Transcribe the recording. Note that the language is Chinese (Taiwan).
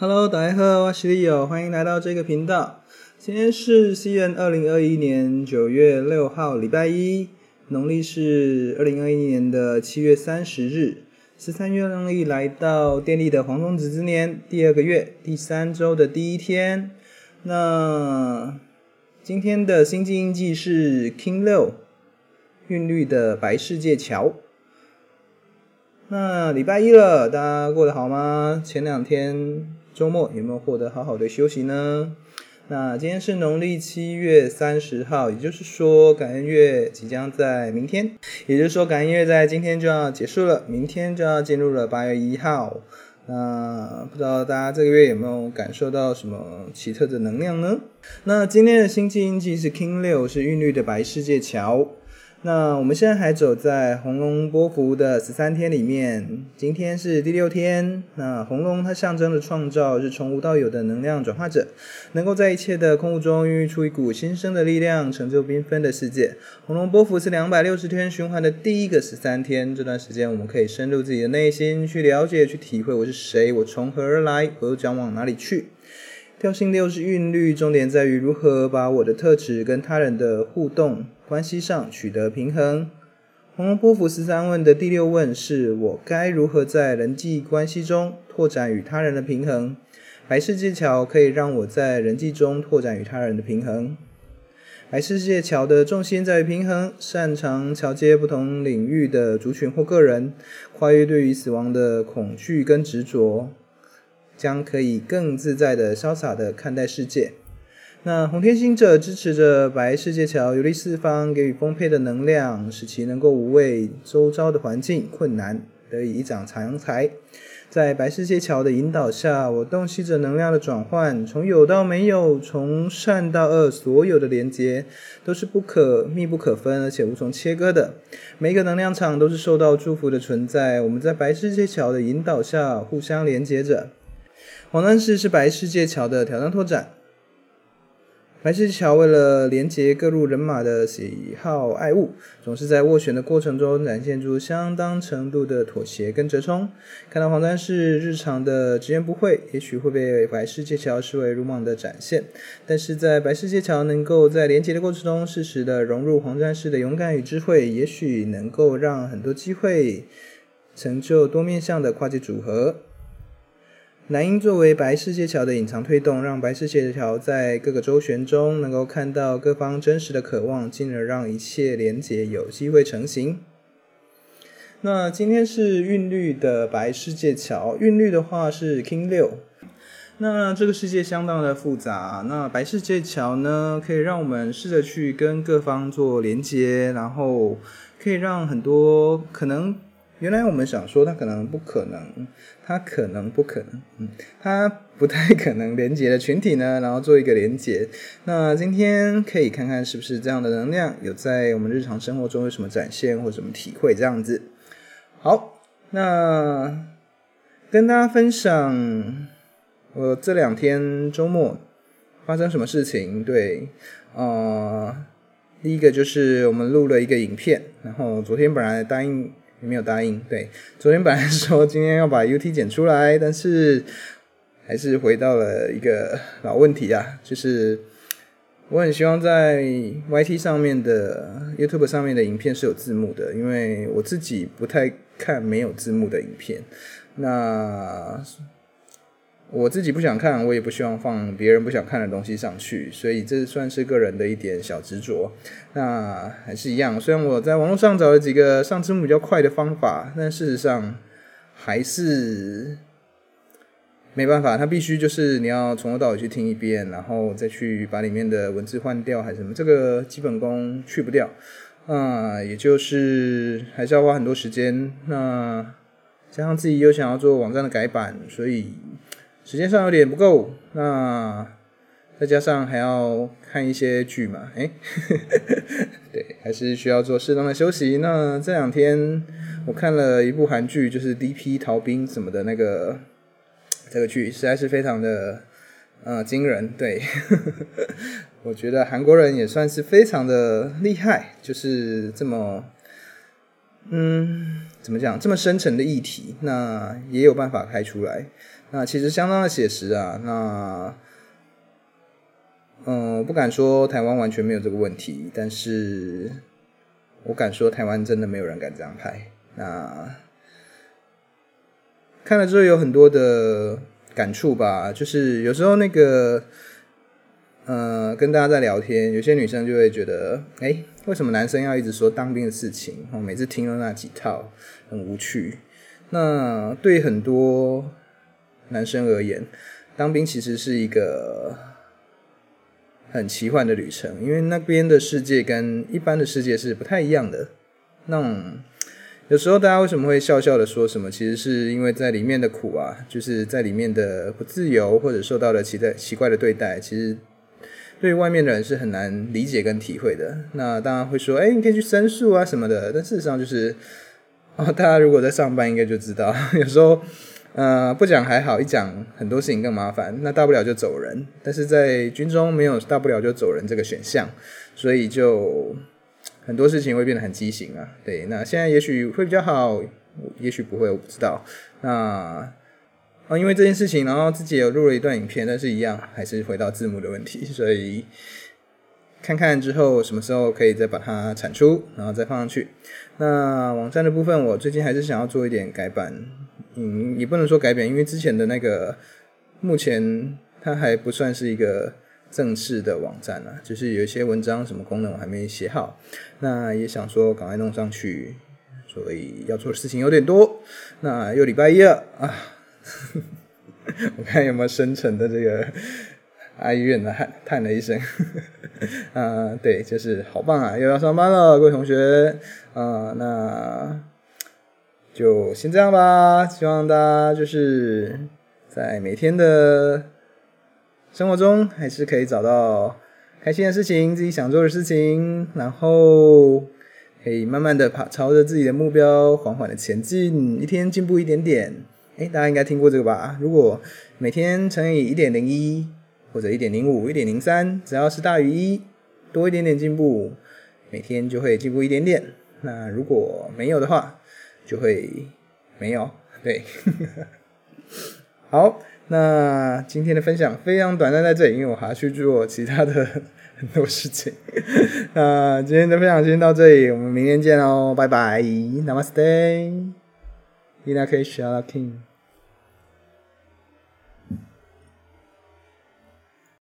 Hello，大家好，我是 Leo，歡迎來到這個頻道。今天是西元二零二一年九月六號，禮拜一，農曆是二零二一年的七月三十日，十三月亮曆來到電力的黃種子之年，第二個月，第三周的第一天。那今天的星際印記是 KIN 六，韻律的白世界橋。那禮拜一了，大家過得好嗎？前兩天，周末有沒有獲得好好的休息呢？那今天是農曆七月三十號，也就是說感恩月即將在明天，也就是說感恩月在今天就要結束了，明天就要進入了八月一號。那不知道大家這個月有沒有感受到什麼奇特的能量呢？那今天的星際印記是 KIN 六，是韻律的白世界橋。那我們現在還走在紅龍波符的十三天裡面，今天是第六天。那紅龍它象徵着創造、是從無到有的能量轉化者，能夠在一切的空物中孕育出一股新生的力量，成就繽紛的世界。紅龍波符是兩百六十天循環的第一個十三天，這段時間我們可以深入自己的內心去了解、去體會我是誰，我從何而來，我又將往哪裡去。調性六是韻律，重點在於如何把我的特質跟他人的互動，關係上取得平衡，紅龍波符十三問的第六問是，我該如何在人際關係中拓展與他人的平衡？白世界橋可以讓我在人際中拓展與他人的平衡。白世界橋的重心在於平衡，擅長橋接不同領域的族群或個人，跨越對於死亡的恐懼跟執着，將可以更自在的、瀟灑的看待世界。那紅天行者支持着白世界橋遊歷四方，給予豐沛的能量，使其能夠無畏周遭的環境困難，得以一展長才。在白世界橋的引導下，我洞悉着能量的轉換，從有到沒有，從善到惡，所有的連接都是不可、密不可分，而且無從切割的。每一個能量場都是受到祝福的存在。我們在白世界橋的引導下，互相連接着。黃戰士是，是白世界橋的挑戰拓展。白世界橋為了聯結各路人馬的喜好愛物，總是在斡旋的過程中展現出相當程度的妥協跟折衝。看到黃戰士日常的直言不諱，也許會被白世界橋視為魯莽的展現；但是在白世界橋能夠在連接的過程中適時的融入黃戰士的勇敢與智慧，也許能夠讓很多機會成就多面向的跨界組合。藍鷹作為白世界橋的隱藏推動，讓白世界橋在各個周旋中能夠看到各方真實的渴望，進而讓一切連接有機會成型。那今天是韻律的白世界橋，韻律的話是 KIN 6。那這個世界相當的複雜，那白世界橋呢，可以讓我們試着去跟各方做連接，然後可以讓很多可能。原來我們想說，它可能不可能，它可能不可能，嗯，它不太可能連接的群體呢，然後做一個連接。那今天可以看看是不是這樣的能量，有在我們日常生活中有什麼展現或什麼體會這樣子。好，那跟大家分享，我，呃，這兩天週末發生什麼事情？對，呃，第一個就是我們錄了一個影片，然後昨天本來答應。也沒有答應，對，昨天本來說今天要把 UT 剪出來，但是還是回到了一個老問題啊，就是我很希望在 YT 上面的 YouTube 上面的影片是有字幕的，因為我自己不太看沒有字幕的影片，那。我自己不想看，我也不希望放別人不想看的東西上去，所以這算是個人的一點小執着。那還是一樣，雖然我在網絡上找了幾個上字幕比較快的方法，但事實上還是沒辦法。它必須就是你要從頭到尾去聽一遍，然後再去把裡面的文字換掉還是什麼，這個基本功去不掉。啊、嗯，也就是還是要花很多時間。那加上自己又想要做網站的改版，所以。時間上有點不夠，那再加上還要看一些劇嘛，哎、欸， 對，還是需要做適當的休息。那這兩天我看了一部韓劇，就是《D.P. 逃兵》什麼的那個，這個劇實在是非常的，呃，驚人。對，呵呵呵。我覺得韓國人也算是非常的厲害，就是這麼，嗯，怎麼講，這麼深沉的議題，那也有辦法拍出來。那其實相當的寫實啊，那，嗯，不敢說台灣完全沒有這個問題，但是我敢說台灣真的沒有人敢這樣拍。那看了之後有很多的感觸吧，就是有時候那個，呃，跟大家在聊天，有些女生就會覺得，欸，為什麼男生要一直說當兵的事情？我每次聽了那幾套，很無趣。那對很多。男生而言，當兵其實是一個很奇幻的旅程，因為那邊的世界跟一般的世界是不太一樣的。那種、嗯、有時候大家為什麼會笑笑的說什麼？其實是因為在裡面的苦啊，就是在裡面的不自由，或者受到了奇怪奇怪的對待，其實對外面的人是很難理解跟體會的。那當然會說，誒、欸，你可以去申訴啊什麼的。但事實上就是，哦，大家如果在上班應該就知道，有時候。呃，不講還好，一講很多事情更麻煩。那大不了就走人，但是在軍中沒有大不了就走人這個選項，所以就很多事情會變得很畸形啊。對，那現在也許會比較好，也許不會，我不知道。那啊、哦，因為這件事情，然後自己也錄了一段影片，但是一樣還是回到字幕的問題，所以看看之後什麼時候可以再把它產出，然後再放上去。那網站的部分，我最近還是想要做一點改版。嗯，也不能說改變，因為之前的那個，目前它還不算是一個正式的網站啊。就是有一些文章什麼功能我還沒寫好，那也想說趕快弄上去，所以要做的事情有點多，那又禮拜一了啊呵呵，我看有沒有深沉的這個哀怨的喊嘆了一聲，啊呵呵、呃，對，就是好棒啊，又要上班了，各位同學啊、呃，那。就先這樣吧，希望大家就是在每天的生活中，還是可以找到開心的事情，自己想做的事情，然後可以慢慢的爬，朝着自己的目標，緩緩的前進，一天進步一點點。哎，大家應該聽過這個吧？如果每天乘以一點零一，或者一點零五、一點零三，只要是大於一，多一點點進步，每天就會進步一點點。那如果沒有的話，就會沒有對， 好，那今天的分享非常短暫在這裡，因為我還要去做其他的很多事情。 那今天的分享先到這裡，我們明天見囉，拜拜，Namaste，In Lak'ech A La K'in。